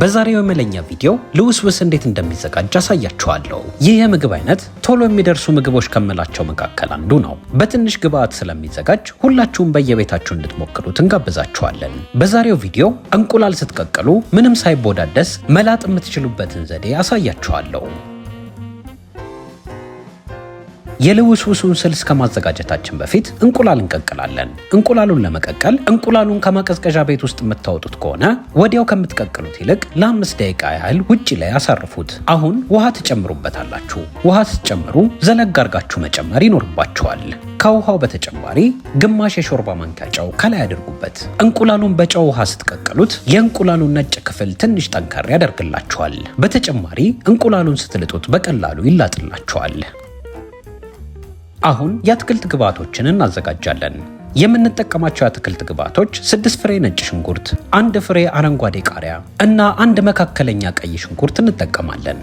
በዛሬው የመለኛ ቪዲዮ ልውስውስ እንዴት እንደሚዘጋጅ አሳያችኋለሁ። ይህ የምግብ አይነት ቶሎ የሚደርሱ ምግቦች ከምላቸው መካከል አንዱ ነው። በትንሽ ግብአት ስለሚዘጋጅ ሁላችሁም በየቤታችሁ እንድትሞክሩት እንጋብዛችኋለን። በዛሬው ቪዲዮ እንቁላል ስትቀቅሉ ምንም ሳይቦዳደስ መላጥ የምትችሉበትን ዘዴ አሳያችኋለሁ። የልውስውሱን ስልስ ከማዘጋጀታችን በፊት እንቁላል እንቀቅላለን። እንቁላሉን ለመቀቀል እንቁላሉን ከማቀዝቀዣ ቤት ውስጥ የምታወጡት ከሆነ ወዲያው ከምትቀቅሉት ይልቅ ለአምስት ደቂቃ ያህል ውጭ ላይ አሳርፉት። አሁን ውሃ ትጨምሩበታላችሁ። ውሃ ስትጨምሩ ዘለግ አርጋችሁ መጨመር ይኖርባችኋል። ከውሃው በተጨማሪ ግማሽ የሾርባ ማንኪያ ጨው ከላይ ያድርጉበት። እንቁላሉን በጨው ውሃ ስትቀቅሉት የእንቁላሉን ነጭ ክፍል ትንሽ ጠንከር ያደርግላችኋል። በተጨማሪ እንቁላሉን ስትልጡት በቀላሉ ይላጥላችኋል። አሁን የአትክልት ግብዓቶችን እናዘጋጃለን። የምንጠቀማቸው የአትክልት ግብዓቶች ስድስት ፍሬ ነጭ ሽንኩርት፣ አንድ ፍሬ አረንጓዴ ቃሪያ እና አንድ መካከለኛ ቀይ ሽንኩርት እንጠቀማለን።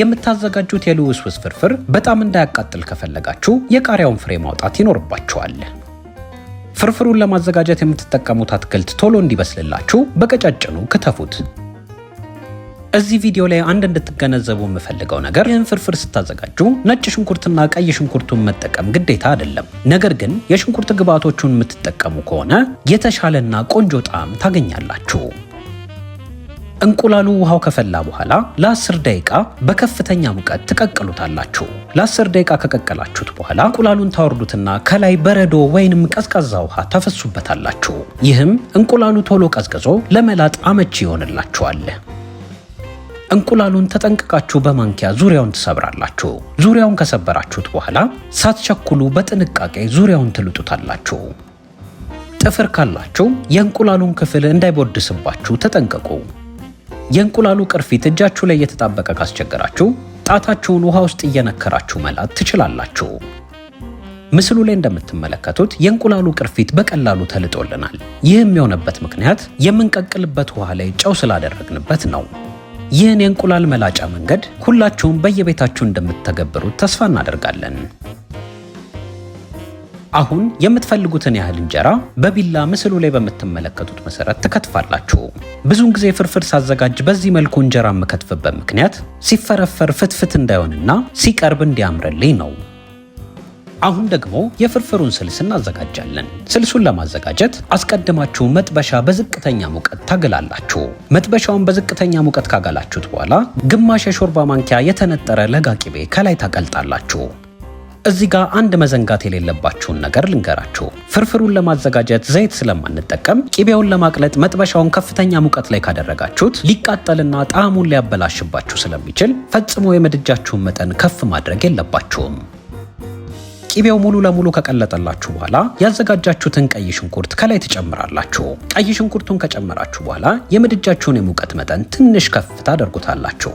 የምታዘጋጁት የልውስውስ ፍርፍር በጣም እንዳያቃጥል ከፈለጋችሁ የቃሪያውን ፍሬ ማውጣት ይኖርባችኋል። ፍርፍሩን ለማዘጋጀት የምትጠቀሙት አትክልት ቶሎ እንዲበስልላችሁ በቀጫጭኑ ክተፉት። እዚህ ቪዲዮ ላይ አንድ እንድትገነዘቡ የምፈልገው ነገር ይህን ፍርፍር ስታዘጋጁ ነጭ ሽንኩርትና ቀይ ሽንኩርቱን መጠቀም ግዴታ አይደለም። ነገር ግን የሽንኩርት ግብዓቶቹን የምትጠቀሙ ከሆነ የተሻለና ቆንጆ ጣዕም ታገኛላችሁ። እንቁላሉ ውሃው ከፈላ በኋላ ለ10 ደቂቃ በከፍተኛ ሙቀት ትቀቅሉታላችሁ። ለ10 ደቂቃ ከቀቀላችሁት በኋላ እንቁላሉን ታወርዱትና ከላይ በረዶ ወይንም ቀዝቃዛ ውሃ ታፈሱበታላችሁ። ይህም እንቁላሉ ቶሎ ቀዝቅዞ ለመላጥ አመቺ ይሆንላችኋል። እንቁላሉን ተጠንቅቃችሁ በማንኪያ ዙሪያውን ትሰብራላችሁ። ዙሪያውን ከሰበራችሁት በኋላ ሳትቸኩሉ በጥንቃቄ ዙሪያውን ትልጡታላችሁ። ጥፍር ካላችሁ የእንቁላሉን ክፍል እንዳይቦድስባችሁ ተጠንቀቁ። የእንቁላሉ ቅርፊት እጃችሁ ላይ እየተጣበቀ ካስቸገራችሁ ጣታችሁን ውሃ ውስጥ እየነከራችሁ መላጥ ትችላላችሁ። ምስሉ ላይ እንደምትመለከቱት የእንቁላሉ ቅርፊት በቀላሉ ተልጦልናል። ይህም የሆነበት ምክንያት የምንቀቅልበት ውሃ ላይ ጨው ስላደረግንበት ነው። ይህን የእንቁላል መላጫ መንገድ ሁላችሁም በየቤታችሁ እንደምትተገብሩት ተስፋ እናደርጋለን። አሁን የምትፈልጉትን ያህል እንጀራ በቢላ ምስሉ ላይ በምትመለከቱት መሰረት ትከትፋላችሁ። ብዙውን ጊዜ ፍርፍር ሳዘጋጅ በዚህ መልኩ እንጀራ የምከትፍበት ምክንያት ሲፈረፈር ፍትፍት እንዳይሆንና ሲቀርብ እንዲያምርልኝ ነው። አሁን ደግሞ የፍርፍሩን ስልስ እናዘጋጃለን። ስልሱን ለማዘጋጀት አስቀድማችሁ መጥበሻ በዝቅተኛ ሙቀት ታገላላችሁ። መጥበሻውን በዝቅተኛ ሙቀት ካገላችሁት በኋላ ግማሽ የሾርባ ማንኪያ የተነጠረ ለጋ ቂቤ ከላይ ታቀልጣላችሁ። እዚህ ጋር አንድ መዘንጋት የሌለባችሁን ነገር ልንገራችሁ። ፍርፍሩን ለማዘጋጀት ዘይት ስለማንጠቀም ቂቤውን ለማቅለጥ መጥበሻውን ከፍተኛ ሙቀት ላይ ካደረጋችሁት ሊቃጠልና ጣዕሙን ሊያበላሽባችሁ ስለሚችል ፈጽሞ የምድጃችሁን መጠን ከፍ ማድረግ የለባችሁም። ቂቤው ሙሉ ለሙሉ ከቀለጠላችሁ በኋላ ያዘጋጃችሁትን ቀይ ሽንኩርት ከላይ ትጨምራላችሁ። ቀይ ሽንኩርቱን ከጨመራችሁ በኋላ የምድጃችሁን የሙቀት መጠን ትንሽ ከፍ ታደርጉታላችሁ።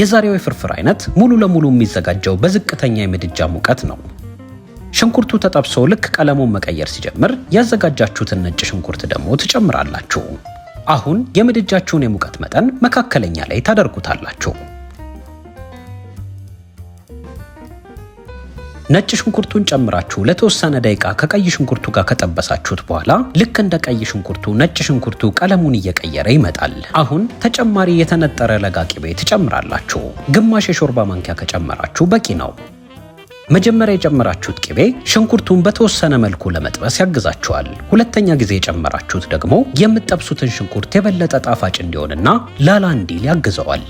የዛሬው የፍርፍር አይነት ሙሉ ለሙሉ የሚዘጋጀው በዝቅተኛ የምድጃ ሙቀት ነው። ሽንኩርቱ ተጠብሶ ልክ ቀለሙን መቀየር ሲጀምር ያዘጋጃችሁትን ነጭ ሽንኩርት ደግሞ ትጨምራላችሁ። አሁን የምድጃችሁን የሙቀት መጠን መካከለኛ ላይ ታደርጉታላችሁ። ነጭ ሽንኩርቱን ጨምራችሁ ለተወሰነ ደቂቃ ከቀይ ሽንኩርቱ ጋር ከጠበሳችሁት በኋላ ልክ እንደ ቀይ ሽንኩርቱ ነጭ ሽንኩርቱ ቀለሙን እየቀየረ ይመጣል። አሁን ተጨማሪ የተነጠረ ለጋ ቅቤ ትጨምራላችሁ። ግማሽ የሾርባ ማንኪያ ከጨመራችሁ በቂ ነው። መጀመሪያ የጨመራችሁት ቅቤ ሽንኩርቱን በተወሰነ መልኩ ለመጥበስ ያግዛችኋል። ሁለተኛ ጊዜ የጨመራችሁት ደግሞ የምትጠብሱትን ሽንኩርት የበለጠ ጣፋጭ እንዲሆንና ላላ እንዲል ያግዘዋል።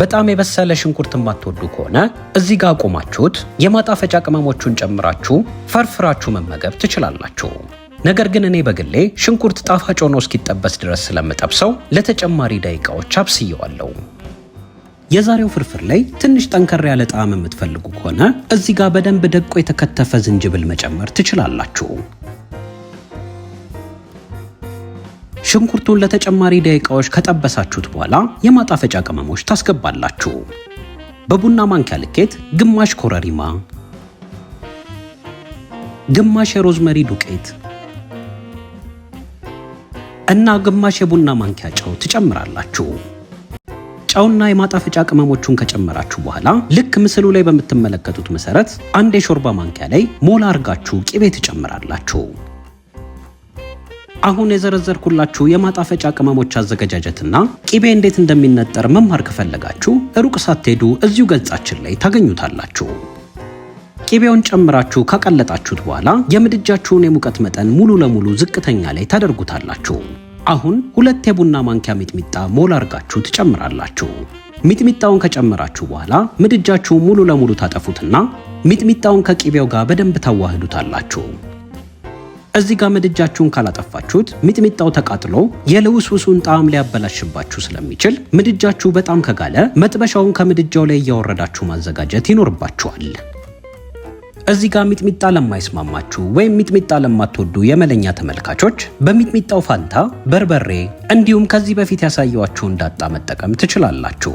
በጣም የበሰለ ሽንኩርት የማትወዱ ከሆነ እዚህ ጋር ቆማችሁት የማጣፈጫ ቅመሞቹን ጨምራችሁ ፈርፍራችሁ መመገብ ትችላላችሁ። ነገር ግን እኔ በግሌ ሽንኩርት ጣፋጭ ሆኖ እስኪጠበስ ድረስ ስለምጠብሰው ለተጨማሪ ደቂቃዎች አብስየዋለሁ። የዛሬው ፍርፍር ላይ ትንሽ ጠንከር ያለ ጣዕም የምትፈልጉ ከሆነ እዚህ ጋር በደንብ ደቆ የተከተፈ ዝንጅብል መጨመር ትችላላችሁ። ሽንኩርቱን ለተጨማሪ ደቂቃዎች ከጠበሳችሁት በኋላ የማጣፈጫ ቅመሞች ታስገባላችሁ። በቡና ማንኪያ ልኬት ግማሽ ኮረሪማ፣ ግማሽ የሮዝመሪ ዱቄት እና ግማሽ የቡና ማንኪያ ጨው ትጨምራላችሁ። ጨውና የማጣፈጫ ቅመሞቹን ከጨመራችሁ በኋላ ልክ ምስሉ ላይ በምትመለከቱት መሰረት አንድ የሾርባ ማንኪያ ላይ ሞላ አርጋችሁ ቂቤ ትጨምራላችሁ። አሁን የዘረዘርኩላችሁ የማጣፈጫ ቅመሞች አዘገጃጀትና ቂቤ እንዴት እንደሚነጠር መማር ከፈለጋችሁ ሩቅ ሳትሄዱ እዚሁ ገጻችን ላይ ታገኙታላችሁ። ቂቤውን ጨምራችሁ ካቀለጣችሁት በኋላ የምድጃችሁን የሙቀት መጠን ሙሉ ለሙሉ ዝቅተኛ ላይ ታደርጉታላችሁ። አሁን ሁለት የቡና ማንኪያ ሚጥሚጣ ሞል አድርጋችሁ ትጨምራላችሁ። ሚጥሚጣውን ከጨመራችሁ በኋላ ምድጃችሁን ሙሉ ለሙሉ ታጠፉትና ሚጥሚጣውን ከቂቤው ጋር በደንብ ታዋህዱታላችሁ። እዚህ ጋር ምድጃችሁን ካላጠፋችሁት ሚጥሚጣው ተቃጥሎ የልውስውሱን ጣዕም ሊያበላሽባችሁ ስለሚችል ምድጃችሁ በጣም ከጋለ መጥበሻውን ከምድጃው ላይ እያወረዳችሁ ማዘጋጀት ይኖርባችኋል። እዚህ ጋር ሚጥሚጣ ለማይስማማችሁ ወይም ሚጥሚጣ ለማትወዱ የመለኛ ተመልካቾች በሚጥሚጣው ፋንታ በርበሬ እንዲሁም ከዚህ በፊት ያሳየዋችሁ ዳጣ መጠቀም ትችላላችሁ።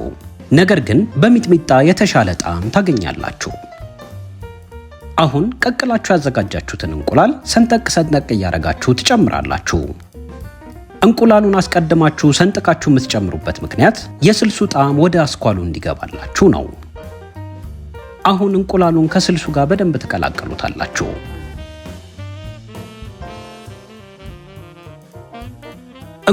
ነገር ግን በሚጥሚጣ የተሻለ ጣዕም ታገኛላችሁ። አሁን ቀቅላችሁ ያዘጋጃችሁትን እንቁላል ሰንጠቅ ሰንጠቅ እያደረጋችሁ ትጨምራላችሁ። እንቁላሉን አስቀድማችሁ ሰንጥቃችሁ የምትጨምሩበት ምክንያት የስልሱ ጣዕም ወደ አስኳሉ እንዲገባላችሁ ነው። አሁን እንቁላሉን ከስልሱ ጋር በደንብ ትቀላቀሉታላችሁ።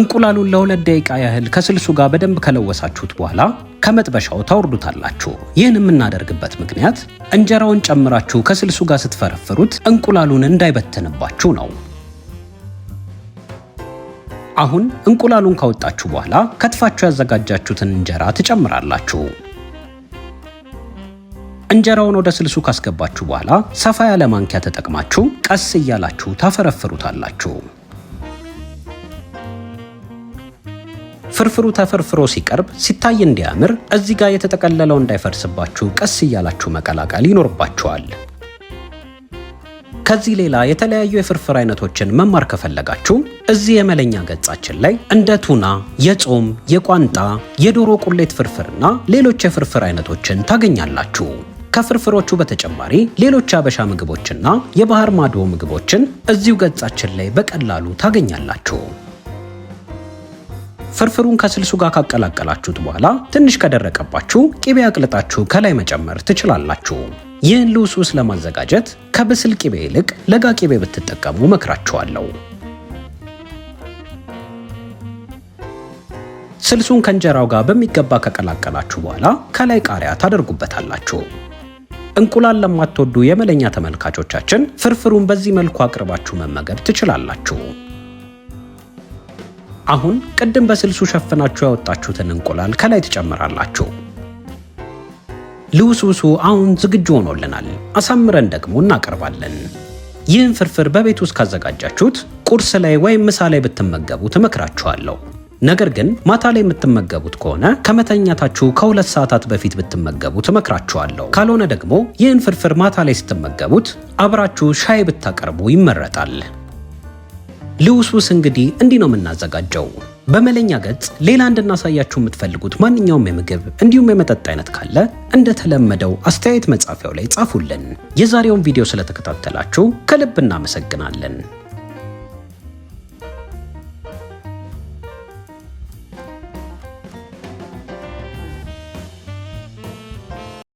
እንቁላሉን ለሁለት ደቂቃ ያህል ከስልሱ ጋር በደንብ ከለወሳችሁት በኋላ ከመጥበሻው ታወርዱታላችሁ። ይህን የምናደርግበት ምክንያት እንጀራውን ጨምራችሁ ከስልሱ ጋር ስትፈረፍሩት እንቁላሉን እንዳይበትንባችሁ ነው። አሁን እንቁላሉን ካወጣችሁ በኋላ ከትፋችሁ ያዘጋጃችሁትን እንጀራ ትጨምራላችሁ። እንጀራውን ወደ ስልሱ ካስገባችሁ በኋላ ሰፋ ያለ ማንኪያ ተጠቅማችሁ ቀስ እያላችሁ ታፈረፍሩታላችሁ። ፍርፍሩ ተፈርፍሮ ሲቀርብ ሲታይ እንዲያምር እዚህ ጋር የተጠቀለለው እንዳይፈርስባችሁ ቀስ እያላችሁ መቀላቀል ይኖርባችኋል። ከዚህ ሌላ የተለያዩ የፍርፍር አይነቶችን መማር ከፈለጋችሁ እዚህ የመለኛ ገጻችን ላይ እንደ ቱና፣ የጾም፣ የቋንጣ፣ የዶሮ ቁሌት ፍርፍርና ሌሎች የፍርፍር አይነቶችን ታገኛላችሁ። ከፍርፍሮቹ በተጨማሪ ሌሎች አበሻ ምግቦችና የባህር ማዶ ምግቦችን እዚሁ ገጻችን ላይ በቀላሉ ታገኛላችሁ። ፍርፍሩን ከስልሱ ጋር ካቀላቀላችሁት በኋላ ትንሽ ከደረቀባችሁ ቂቤ አቅልጣችሁ ከላይ መጨመር ትችላላችሁ። ይህን ልውስ ውስ ለማዘጋጀት ከብስል ቂቤ ይልቅ ለጋ ቂቤ ብትጠቀሙ መክራችኋለሁ። ስልሱን ከእንጀራው ጋር በሚገባ ከቀላቀላችሁ በኋላ ከላይ ቃሪያ ታደርጉበታላችሁ። እንቁላል ለማትወዱ የመለኛ ተመልካቾቻችን ፍርፍሩን በዚህ መልኩ አቅርባችሁ መመገብ ትችላላችሁ። አሁን ቅድም በስልሱ ሸፍናችሁ ያወጣችሁትን እንቁላል ከላይ ትጨምራላችሁ። ልውስውሱ አሁን ዝግጁ ሆኖልናል። አሳምረን ደግሞ እናቀርባለን። ይህን ፍርፍር በቤት ውስጥ ካዘጋጃችሁት ቁርስ ላይ ወይም ምሳ ላይ ብትመገቡ ትመክራችኋለሁ። ነገር ግን ማታ ላይ የምትመገቡት ከሆነ ከመተኛታችሁ ከሁለት ሰዓታት በፊት ብትመገቡ ትመክራችኋለሁ። ካልሆነ ደግሞ ይህን ፍርፍር ማታ ላይ ስትመገቡት አብራችሁ ሻይ ብታቀርቡ ይመረጣል። ልውስውስ እንግዲህ እንዲህ ነው የምናዘጋጀው። በመለኛ ገጽ ሌላ እንድናሳያችሁ የምትፈልጉት ማንኛውም የምግብ እንዲሁም የመጠጥ አይነት ካለ እንደተለመደው አስተያየት መጻፊያው ላይ ጻፉልን። የዛሬውን ቪዲዮ ስለተከታተላችሁ ከልብ እናመሰግናለን።